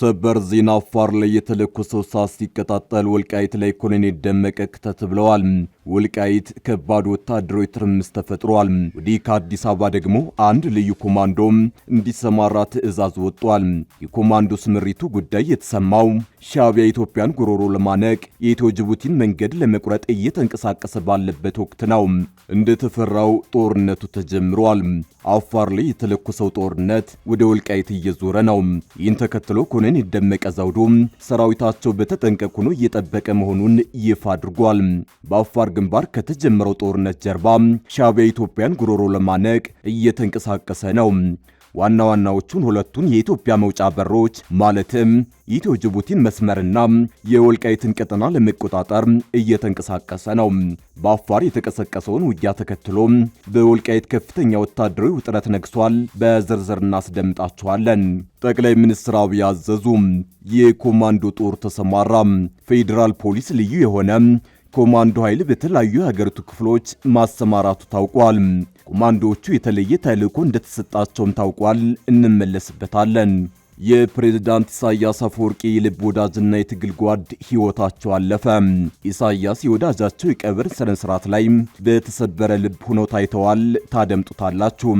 ሰበር ዜና አፋር ላይ የተለኮሰው እሳት ሲቀጣጠል ወልቃይት ላይ ኮሎኔል ደመቀ ክተት ብለዋል። ወልቃይት ከባድ ወታደራዊ ትርምስ ተፈጥሯል። ወዲህ ከአዲስ አበባ ደግሞ አንድ ልዩ ኮማንዶ እንዲሰማራ ትዕዛዝ ወጥቷል። የኮማንዶ ስምሪቱ ጉዳይ የተሰማው ሻቢያ ኢትዮጵያን ጉሮሮ ለማነቅ የኢትዮ ጅቡቲን መንገድ ለመቁረጥ እየተንቀሳቀሰ ባለበት ወቅት ነው። እንደተፈራው ጦርነቱ ተጀምሯል። አፋር ላይ የተለኮሰው ጦርነት ወደ ወልቃይት እየዞረ ነው። ይህን ተከትሎ ኮነን የደመቀ ዘውዱ ሰራዊታቸው በተጠንቀቅ ሆኖ እየጠበቀ መሆኑን ይፋ አድርጓል። በአፋር ግንባር ከተጀመረው ጦርነት ጀርባ ሻቢያ ኢትዮጵያን ጉሮሮ ለማነቅ እየተንቀሳቀሰ ነው። ዋና ዋናዎቹን ሁለቱን የኢትዮጵያ መውጫ በሮች ማለትም ኢትዮ ጅቡቲን መስመርና የወልቃይትን ቀጠና ለመቆጣጠር እየተንቀሳቀሰ ነው። በአፋር የተቀሰቀሰውን ውጊያ ተከትሎ በወልቃይት ከፍተኛ ወታደራዊ ውጥረት ነግሷል። በዝርዝር እናስደምጣችኋለን። ጠቅላይ ሚኒስትር አብይ አዘዙ። የኮማንዶ ጦር ተሰማራ። ፌዴራል ፖሊስ ልዩ የሆነ ኮማንዶ ኃይል በተለያዩ የሀገሪቱ ክፍሎች ማሰማራቱ ታውቋል። ኮማንዶዎቹ የተለየ ተልዕኮ እንደተሰጣቸውም ታውቋል። እንመለስበታለን። የፕሬዝዳንት ኢሳያስ አፈወርቂ የልብ ወዳጅና የትግል ጓድ ሕይወታቸው አለፈ። ኢሳያስ የወዳጃቸው የቀብር ስነ ስርዓት ላይ በተሰበረ ልብ ሆነው ታይተዋል። ታደምጡታላችሁ።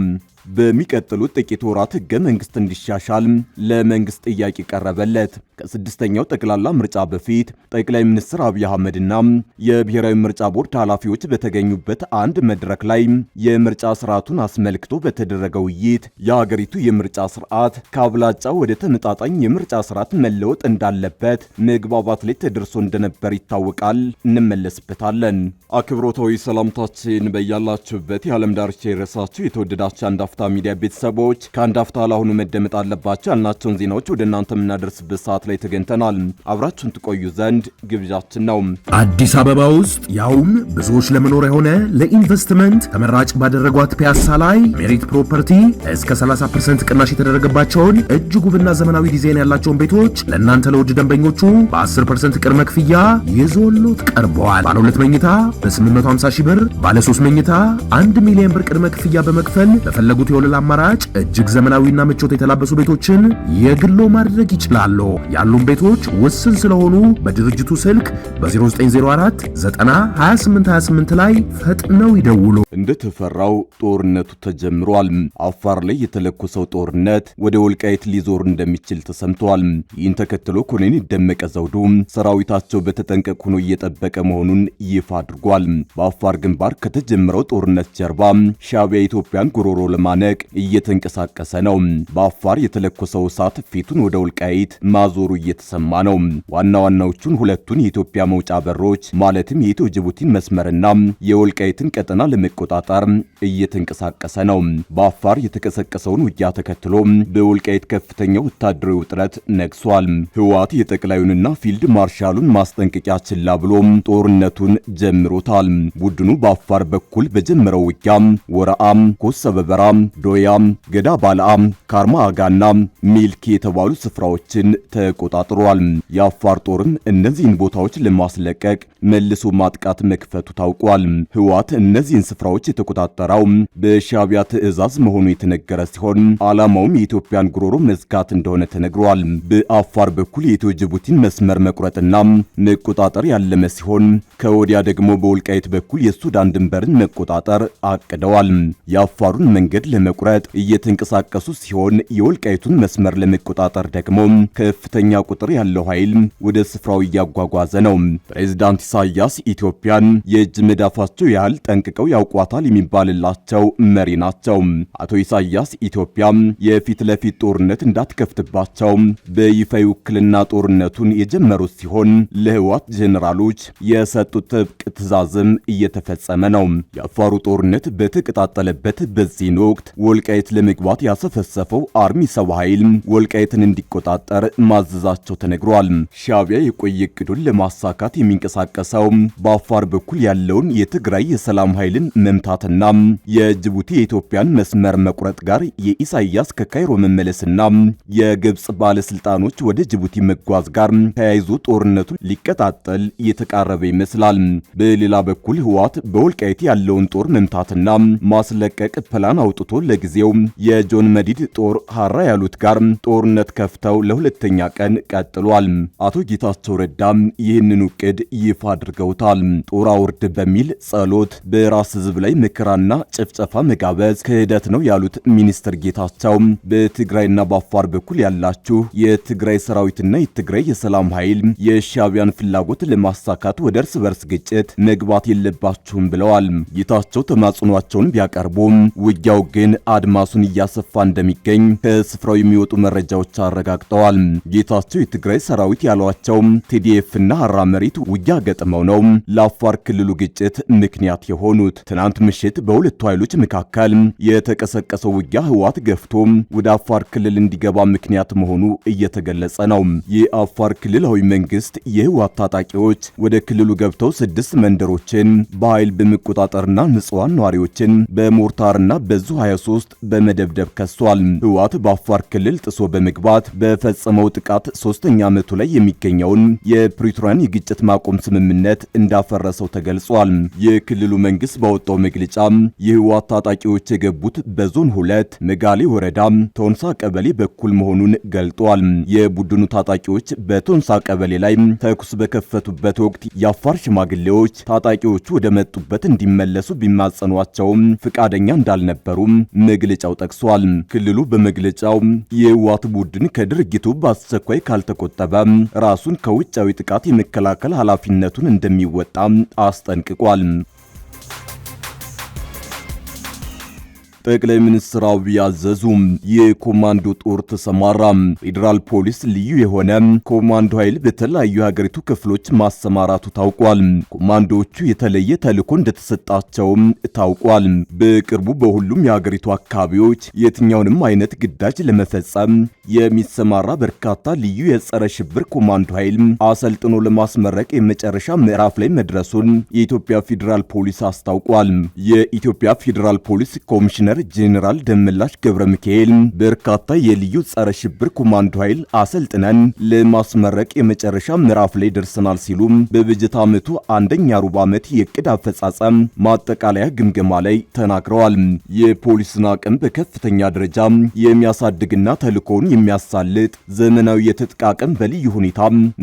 በሚቀጥሉት ጥቂት ወራት ህገ መንግስት እንዲሻሻል ለመንግስት ጥያቄ ቀረበለት። ከስድስተኛው ጠቅላላ ምርጫ በፊት ጠቅላይ ሚኒስትር አብይ አህመድና የብሔራዊ ምርጫ ቦርድ ኃላፊዎች በተገኙበት አንድ መድረክ ላይ የምርጫ ስርዓቱን አስመልክቶ በተደረገ ውይይት የሀገሪቱ የምርጫ ስርዓት ከአብላጫ ወደ ተመጣጣኝ የምርጫ ስርዓት መለወጥ እንዳለበት መግባባት ላይ ተደርሶ እንደነበር ይታወቃል። እንመለስበታለን። አክብሮታዊ ሰላምታችን በያላችሁበት የዓለም ዳርቻ የረሳችሁ የተወደዳችሁ አንዳ የአፍታ ሚዲያ ቤተሰቦች ከአንድ አፍታ ለአሁኑ መደመጥ አለባቸው ያልናቸውን ዜናዎች ወደ እናንተ የምናደርስበት ሰዓት ላይ ተገኝተናል። አብራችሁን ትቆዩ ዘንድ ግብዣችን ነው። አዲስ አበባ ውስጥ ያውም ብዙዎች ለመኖር የሆነ ለኢንቨስትመንት ተመራጭ ባደረጓት ፒያሳ ላይ ሜሪት ፕሮፐርቲ እስከ 30 ቅናሽ የተደረገባቸውን እጅግ ውብና ዘመናዊ ዲዛይን ያላቸውን ቤቶች ለእናንተ ለውድ ደንበኞቹ በ10 ቅድመ ክፍያ ይዞሎት ቀርበዋል። ባለ ሁለት መኝታ በ850 ሺህ ብር፣ ባለ ሶስት መኝታ 1 ሚሊዮን ብር ቅድመ ክፍያ በመክፈል በፈለጉ በፈለጉት የወለል አማራጭ እጅግ ዘመናዊና ምቾት የተላበሱ ቤቶችን የግሎ ማድረግ ይችላሉ። ያሉን ቤቶች ውስን ስለሆኑ በድርጅቱ ስልክ በ0904 ላይ ፈጥነው ይደውሉ። እንደተፈራው ጦርነቱ ተጀምሯል። አፋር ላይ የተለኮሰው ጦርነት ወደ ወልቃይት ሊዞር እንደሚችል ተሰምቷል። ይህን ተከትሎ ኮሎኔል የደመቀ ዘውዱ ሰራዊታቸው በተጠንቀቅ ሆኖ እየጠበቀ መሆኑን ይፋ አድርጓል። በአፋር ግንባር ከተጀመረው ጦርነት ጀርባ ሻቢያ ኢትዮጵያን ጉሮሮ ለማ ለማነቅ እየተንቀሳቀሰ ነው። በአፋር የተለኮሰው እሳት ፊቱን ወደ ወልቃይት ማዞሩ እየተሰማ ነው። ዋና ዋናዎቹን ሁለቱን የኢትዮጵያ መውጫ በሮች ማለትም የኢትዮ ጅቡቲን መስመርና የወልቃይትን ቀጠና ለመቆጣጠር እየተንቀሳቀሰ ነው። በአፋር የተቀሰቀሰውን ውጊያ ተከትሎ በወልቃይት ከፍተኛ ወታደራዊ ውጥረት ነግሷል። ህወሓት የጠቅላዩንና ፊልድ ማርሻሉን ማስጠንቀቂያ ችላ ብሎ ጦርነቱን ጀምሮታል። ቡድኑ በአፋር በኩል በጀመረው ውጊያ ወረአም፣ ኮሰ ዶያም፣ ገዳ ባልአም፣ ካርማ አጋና ሚልክ የተባሉ ስፍራዎችን ተቆጣጥሯል። የአፋር ጦርም እነዚህን ቦታዎች ለማስለቀቅ መልሶ ማጥቃት መክፈቱ ታውቋል። ህወሓት እነዚህን ስፍራዎች የተቆጣጠረው በሻቢያ ትዕዛዝ መሆኑ የተነገረ ሲሆን ዓላማውም የኢትዮጵያን ጉሮሮ መዝጋት እንደሆነ ተነግሯል። በአፋር በኩል የኢትዮ ጅቡቲን መስመር መቁረጥና መቆጣጠር ያለመ ሲሆን ከወዲያ ደግሞ በወልቃይት በኩል የሱዳን ድንበርን መቆጣጠር አቅደዋል። የአፋሩን መንገድ ለመቁረጥ እየተንቀሳቀሱ ሲሆን የወልቃይቱን መስመር ለመቆጣጠር ደግሞ ከፍተኛ ቁጥር ያለው ኃይል ወደ ስፍራው እያጓጓዘ ነው። ፕሬዚዳንት ኢሳያስ ኢትዮጵያን የእጅ መዳፋቸው ያህል ጠንቅቀው ያውቋታል የሚባልላቸው መሪ ናቸው። አቶ ኢሳያስ ኢትዮጵያ የፊት ለፊት ጦርነት እንዳትከፍትባቸው በይፋ ውክልና ጦርነቱን የጀመሩት ሲሆን ለህዋት ጄኔራሎች የሰጡት ጥብቅ ትዕዛዝም እየተፈጸመ ነው። የአፋሩ ጦርነት በተቀጣጠለበት በዚህን ወቅት ወልቃይት ለመግባት ያሰፈሰፈው አርሚ ሰው ኃይል ወልቃይትን እንዲቆጣጠር ማዘዛቸው ተነግሯል። ሻቢያ የቆየ እቅዱን ለማሳካት የሚንቀሳቀስ የተጠቀሰው በአፋር በኩል ያለውን የትግራይ የሰላም ኃይልን መምታትና የጅቡቲ የኢትዮጵያን መስመር መቁረጥ ጋር የኢሳይያስ ከካይሮ መመለስና የግብፅ ባለስልጣኖች ወደ ጅቡቲ መጓዝ ጋር ተያይዞ ጦርነቱ ሊቀጣጠል የተቃረበ ይመስላል። በሌላ በኩል ህዋት በወልቃይት ያለውን ጦር መምታትና ማስለቀቅ ፕላን አውጥቶ ለጊዜው የጆን መዲድ ጦር ሀራ ያሉት ጋር ጦርነት ከፍተው ለሁለተኛ ቀን ቀጥሏል። አቶ ጌታቸው ረዳም ይህንን ውቅድ ይፋ አድርገውታል። ጦር አውርድ በሚል ጸሎት በራስ ህዝብ ላይ መከራና ጭፍጨፋ መጋበዝ ክህደት ነው ያሉት ሚኒስትር ጌታቸው በትግራይና በአፋር በኩል ያላችሁ የትግራይ ሰራዊትና የትግራይ የሰላም ኃይል የሻቢያን ፍላጎት ለማሳካት ወደ እርስ በርስ ግጭት መግባት የለባችሁም ብለዋል። ጌታቸው ተማጽኗቸውን ቢያቀርቡም ውጊያው ግን አድማሱን እያሰፋ እንደሚገኝ ከስፍራው የሚወጡ መረጃዎች አረጋግጠዋል። ጌታቸው የትግራይ ሰራዊት ያሏቸው ቲዲኤፍና አራ መሬት ውጊያ ገጥ ገጥመው ነው ለአፋር ክልሉ ግጭት ምክንያት የሆኑት። ትናንት ምሽት በሁለቱ ኃይሎች መካከል የተቀሰቀሰው ውጊያ ህዋት ገፍቶ ወደ አፋር ክልል እንዲገባ ምክንያት መሆኑ እየተገለጸ ነው። የአፋር ክልላዊ መንግስት የህዋት ታጣቂዎች ወደ ክልሉ ገብተው ስድስት መንደሮችን በኃይል በመቆጣጠርና ንጹሐን ነዋሪዎችን በሞርታርና በዙ 23 በመደብደብ ከሷል። ህዋት በአፋር ክልል ጥሶ በመግባት በፈጸመው ጥቃት ሶስተኛ ዓመቱ ላይ የሚገኘውን የፕሪቶሪያን የግጭት ማቆም ስምምነት ስምምነት እንዳፈረሰው ተገልጿል። የክልሉ መንግስት ባወጣው መግለጫ የህወሓት ታጣቂዎች የገቡት በዞን ሁለት መጋሌ ወረዳ ቶንሳ ቀበሌ በኩል መሆኑን ገልጧል። የቡድኑ ታጣቂዎች በቶንሳ ቀበሌ ላይ ተኩስ በከፈቱበት ወቅት የአፋር ሽማግሌዎች ታጣቂዎቹ ወደ መጡበት እንዲመለሱ ቢማጸኗቸውም ፍቃደኛ እንዳልነበሩም መግለጫው ጠቅሷል። ክልሉ በመግለጫው የህወሓት ቡድን ከድርጊቱ በአስቸኳይ ካልተቆጠበ ራሱን ከውጫዊ ጥቃት የመከላከል ኃላፊነቱ ኃላፊነቱን እንደሚወጣ አስጠንቅቋል። ጠቅላይ ሚኒስትር አብይ አዘዙ። የኮማንዶ ጦር ተሰማራ። ፌዴራል ፖሊስ ልዩ የሆነ ኮማንዶ ኃይል በተለያዩ የሀገሪቱ ክፍሎች ማሰማራቱ ታውቋል። ኮማንዶዎቹ የተለየ ተልዕኮ እንደተሰጣቸውም ታውቋል። በቅርቡ በሁሉም የሀገሪቱ አካባቢዎች የትኛውንም አይነት ግዳጅ ለመፈጸም የሚሰማራ በርካታ ልዩ የጸረ ሽብር ኮማንዶ ኃይል አሰልጥኖ ለማስመረቅ የመጨረሻ ምዕራፍ ላይ መድረሱን የኢትዮጵያ ፌዴራል ፖሊስ አስታውቋል። የኢትዮጵያ ፌዴራል ፖሊስ ኮሚሽነር ኮሚሽነር ጄኔራል ደመላሽ ገብረ ሚካኤል በርካታ የልዩ ጸረ ሽብር ኮማንዶ ኃይል አሰልጥነን ለማስመረቅ የመጨረሻ ምዕራፍ ላይ ደርሰናል ሲሉ በበጀት ዓመቱ አንደኛ ሩብ ዓመት የቅድ አፈጻጸም ማጠቃለያ ግምገማ ላይ ተናግረዋል። የፖሊስን አቅም በከፍተኛ ደረጃ የሚያሳድግና ተልእኮውን የሚያሳልጥ ዘመናዊ የትጥቅ አቅም በልዩ ሁኔታ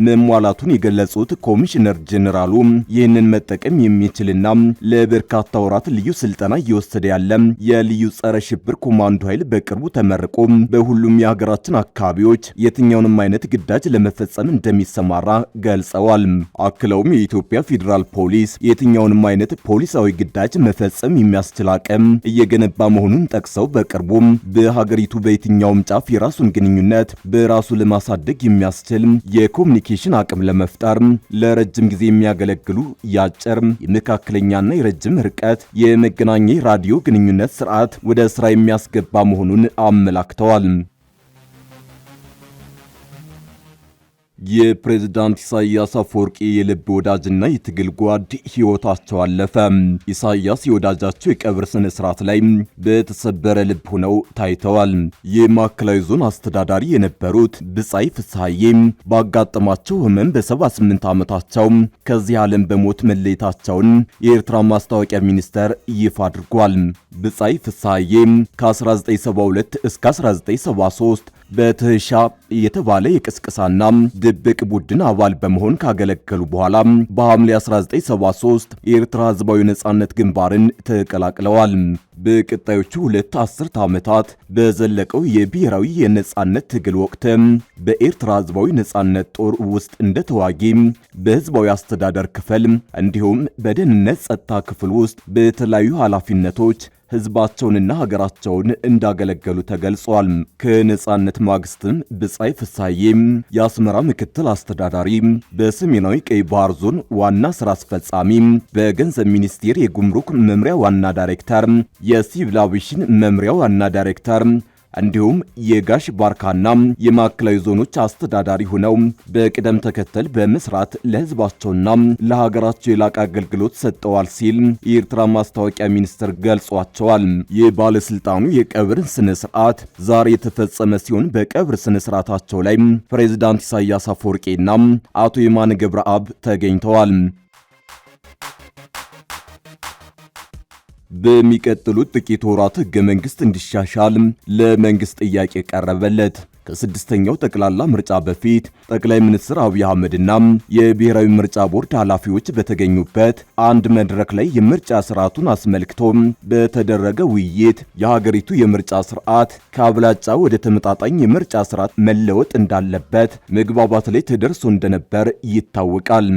መሟላቱን የገለጹት ኮሚሽነር ጄኔራሉ ይህንን መጠቀም የሚችልና ለበርካታ ወራት ልዩ ስልጠና እየወሰደ ያለ የልዩ ልዩ ጸረ ሽብር ኮማንዶ ኃይል በቅርቡ ተመርቆ በሁሉም የሀገራችን አካባቢዎች የትኛውንም አይነት ግዳጅ ለመፈጸም እንደሚሰማራ ገልጸዋል። አክለውም የኢትዮጵያ ፌዴራል ፖሊስ የትኛውንም አይነት ፖሊሳዊ ግዳጅ መፈጸም የሚያስችል አቅም እየገነባ መሆኑን ጠቅሰው በቅርቡም በሀገሪቱ በየትኛውም ጫፍ የራሱን ግንኙነት በራሱ ለማሳደግ የሚያስችል የኮሚኒኬሽን አቅም ለመፍጠር ለረጅም ጊዜ የሚያገለግሉ ያጭር፣ የመካከለኛና የረጅም ርቀት የመገናኛ ራዲዮ ግንኙነት ስርዓት ወደ ስራ የሚያስገባ መሆኑን አመላክተዋል። የፕሬዝዳንት ኢሳያስ አፈወርቂ የልብ ወዳጅና የትግል ጓድ ሕይወታቸው አለፈ። ኢሳያስ የወዳጃቸው የቀብር ስነ ስርዓት ላይ በተሰበረ ልብ ሆነው ታይተዋል። የማዕከላዊ ዞን አስተዳዳሪ የነበሩት ብጻይ ፍስሐዬ ባጋጠማቸው ሕመም በ78 ዓመታቸው ከዚህ ዓለም በሞት መለየታቸውን የኤርትራ ማስታወቂያ ሚኒስቴር ይፋ አድርጓል። ብጻይ ፍስሐዬ ከ1972 እስከ 1973 በትህሻ የተባለ የቅስቅሳና ድብቅ ቡድን አባል በመሆን ካገለገሉ በኋላ በሐምሌ 1973 የኤርትራ ህዝባዊ ነጻነት ግንባርን ተቀላቅለዋል። በቀጣዮቹ ሁለት አስርት ዓመታት በዘለቀው የብሔራዊ የነጻነት ትግል ወቅት በኤርትራ ህዝባዊ ነጻነት ጦር ውስጥ እንደ ተዋጊ በህዝባዊ አስተዳደር ክፍል እንዲሁም በደህንነት ጸጥታ ክፍል ውስጥ በተለያዩ ኃላፊነቶች ህዝባቸውንና ሀገራቸውን እንዳገለገሉ ተገልጿል። ከነጻነት ማግስትም ብጻይ ፍሳዬ የአስመራ ምክትል አስተዳዳሪ በሰሜናዊ ቀይ ባህር ዞን ዋና ስራ አስፈጻሚ በገንዘብ ሚኒስቴር የጉምሩክ መምሪያ ዋና ዳይሬክተር የሲቪል መምሪያ ዋና ዳይሬክተር እንዲሁም የጋሽ ባርካና የማዕከላዊ ዞኖች አስተዳዳሪ ሆነው በቅደም ተከተል በመስራት ለህዝባቸውና ለሀገራቸው የላቀ አገልግሎት ሰጥተዋል ሲል የኤርትራ ማስታወቂያ ሚኒስትር ገልጿቸዋል። የባለስልጣኑ የቀብር ስነ ስርዓት ዛሬ የተፈጸመ ሲሆን በቀብር ስነ ስርዓታቸው ላይ ፕሬዚዳንት ኢሳያስ አፈወርቄና አቶ የማነ ገብረአብ ተገኝተዋል። በሚቀጥሉት ጥቂት ወራት ህገ መንግስት እንዲሻሻል ለመንግስት ጥያቄ ቀረበለት። ከስድስተኛው ጠቅላላ ምርጫ በፊት ጠቅላይ ሚኒስትር አብይ አህመድና የብሔራዊ ምርጫ ቦርድ ኃላፊዎች በተገኙበት አንድ መድረክ ላይ የምርጫ ስርዓቱን አስመልክቶ በተደረገ ውይይት የሀገሪቱ የምርጫ ስርዓት ከአብላጫ ወደ ተመጣጣኝ የምርጫ ስርዓት መለወጥ እንዳለበት መግባባት ላይ ተደርሶ እንደነበር ይታወቃል።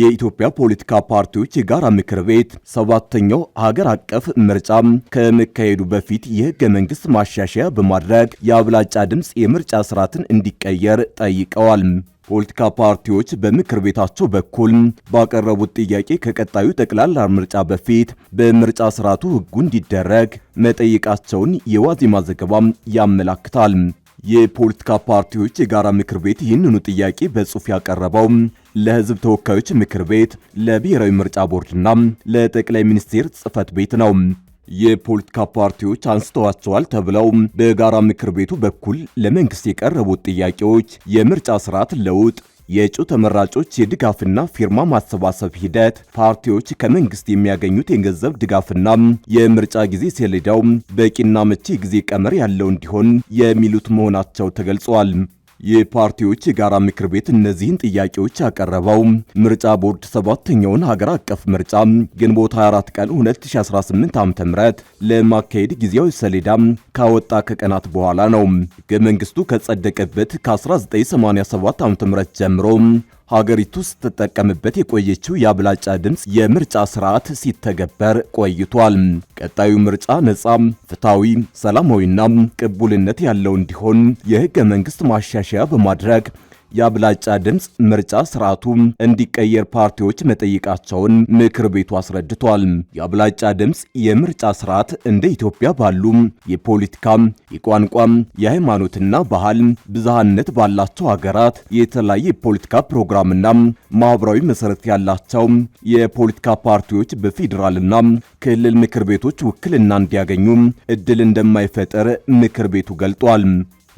የኢትዮጵያ ፖለቲካ ፓርቲዎች የጋራ ምክር ቤት ሰባተኛው ሀገር አቀፍ ምርጫ ከመካሄዱ በፊት የህገ መንግስት ማሻሻያ በማድረግ የአብላጫ ድምፅ የምርጫ ስርዓትን እንዲቀየር ጠይቀዋል። ፖለቲካ ፓርቲዎች በምክር ቤታቸው በኩል ባቀረቡት ጥያቄ ከቀጣዩ ጠቅላላ ምርጫ በፊት በምርጫ ስርዓቱ ህጉ እንዲደረግ መጠየቃቸውን የዋዜማ ዘገባም ያመላክታል። የፖለቲካ ፓርቲዎች የጋራ ምክር ቤት ይህንኑ ጥያቄ በጽሑፍ ያቀረበው ለህዝብ ተወካዮች ምክር ቤት፣ ለብሔራዊ ምርጫ ቦርድና ለጠቅላይ ሚኒስቴር ጽህፈት ቤት ነው። የፖለቲካ ፓርቲዎች አንስተዋቸዋል ተብለው በጋራ ምክር ቤቱ በኩል ለመንግስት የቀረቡት ጥያቄዎች የምርጫ ስርዓት ለውጥ የእጩ ተመራጮች የድጋፍና ፊርማ ማሰባሰብ ሂደት፣ ፓርቲዎች ከመንግስት የሚያገኙት የገንዘብ ድጋፍና የምርጫ ጊዜ ሰሌዳው በቂና መቼ ጊዜ ቀመር ያለው እንዲሆን የሚሉት መሆናቸው ተገልጿል። የፓርቲዎች የጋራ ምክር ቤት እነዚህን ጥያቄዎች ያቀረበው ምርጫ ቦርድ ሰባተኛውን ሀገር አቀፍ ምርጫ ግንቦት 24 ቀን 2018 ዓ.ም ለማካሄድ ጊዜያዊ ሰሌዳ ካወጣ ከቀናት በኋላ ነው። ሕገ መንግስቱ ከጸደቀበት ከ1987 ዓ.ም ጀምሮ ሀገሪቱ ስትጠቀምበት የቆየችው የአብላጫ ድምፅ የምርጫ ስርዓት ሲተገበር ቆይቷል። ቀጣዩ ምርጫ ነጻ፣ ፍትሐዊ፣ ሰላማዊና ቅቡልነት ያለው እንዲሆን የህገ መንግስት ማሻሻያ በማድረግ የአብላጫ ድምፅ ምርጫ ስርዓቱ እንዲቀየር ፓርቲዎች መጠየቃቸውን ምክር ቤቱ አስረድቷል። የአብላጫ ድምፅ የምርጫ ስርዓት እንደ ኢትዮጵያ ባሉ የፖለቲካ የቋንቋ የሃይማኖትና ባህል ብዝሃነት ባላቸው ሀገራት የተለያየ የፖለቲካ ፕሮግራምና ማህበራዊ መሰረት ያላቸው የፖለቲካ ፓርቲዎች በፌዴራልና ክልል ምክር ቤቶች ውክልና እንዲያገኙ እድል እንደማይፈጠር ምክር ቤቱ ገልጧል።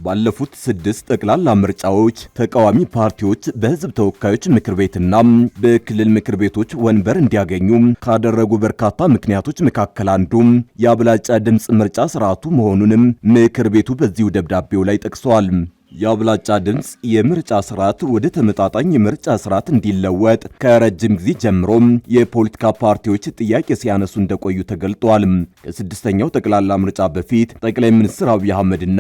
ባለፉት ስድስት ጠቅላላ ምርጫዎች ተቃዋሚ ፓርቲዎች በህዝብ ተወካዮች ምክር ቤትና በክልል ምክር ቤቶች ወንበር እንዲያገኙ ካደረጉ በርካታ ምክንያቶች መካከል አንዱ የአብላጫ ድምፅ ምርጫ ስርዓቱ መሆኑንም ምክር ቤቱ በዚሁ ደብዳቤው ላይ ጠቅሷል። የአብላጫ ድምፅ የምርጫ ስርዓት ወደ ተመጣጣኝ የምርጫ ስርዓት እንዲለወጥ ከረጅም ጊዜ ጀምሮም የፖለቲካ ፓርቲዎች ጥያቄ ሲያነሱ እንደቆዩ ተገልጧል። ከስድስተኛው ጠቅላላ ምርጫ በፊት ጠቅላይ ሚኒስትር አብይ አህመድና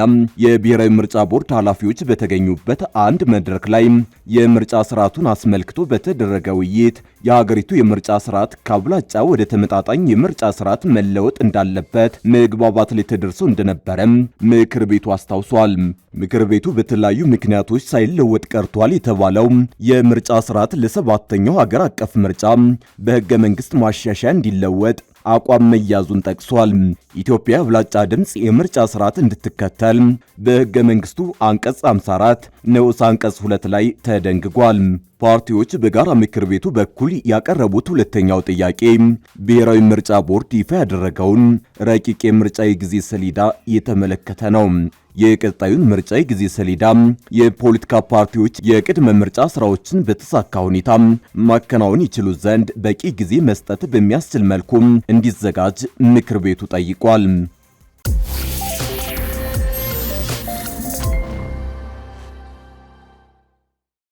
የብሔራዊ ምርጫ ቦርድ ኃላፊዎች በተገኙበት አንድ መድረክ ላይ የምርጫ ስርዓቱን አስመልክቶ በተደረገ ውይይት የሀገሪቱ የምርጫ ስርዓት ከአብላጫ ወደ ተመጣጣኝ የምርጫ ስርዓት መለወጥ እንዳለበት መግባባት ላይ ተደርሶ እንደነበረም ምክር ቤቱ አስታውሷል። ምክር ቤቱ በተለያዩ ምክንያቶች ሳይለወጥ ቀርቷል የተባለው የምርጫ ስርዓት ለሰባተኛው ሀገር አቀፍ ምርጫ በህገ መንግስት ማሻሻያ እንዲለወጥ አቋም መያዙን ጠቅሷል። ኢትዮጵያ ብላጫ ድምፅ የምርጫ ስርዓት እንድትከተል በህገ መንግስቱ አንቀጽ 54 ንዑስ አንቀጽ 2 ላይ ተደንግጓል። ፓርቲዎች በጋራ ምክር ቤቱ በኩል ያቀረቡት ሁለተኛው ጥያቄ ብሔራዊ ምርጫ ቦርድ ይፋ ያደረገውን ረቂቅ የምርጫ የጊዜ ሰሌዳ የተመለከተ ነው። የቀጣዩን ምርጫ ጊዜ ሰሌዳ የፖለቲካ ፓርቲዎች የቅድመ ምርጫ ስራዎችን በተሳካ ሁኔታ ማከናወን ይችሉ ዘንድ በቂ ጊዜ መስጠት በሚያስችል መልኩ እንዲዘጋጅ ምክር ቤቱ ጠይቋል።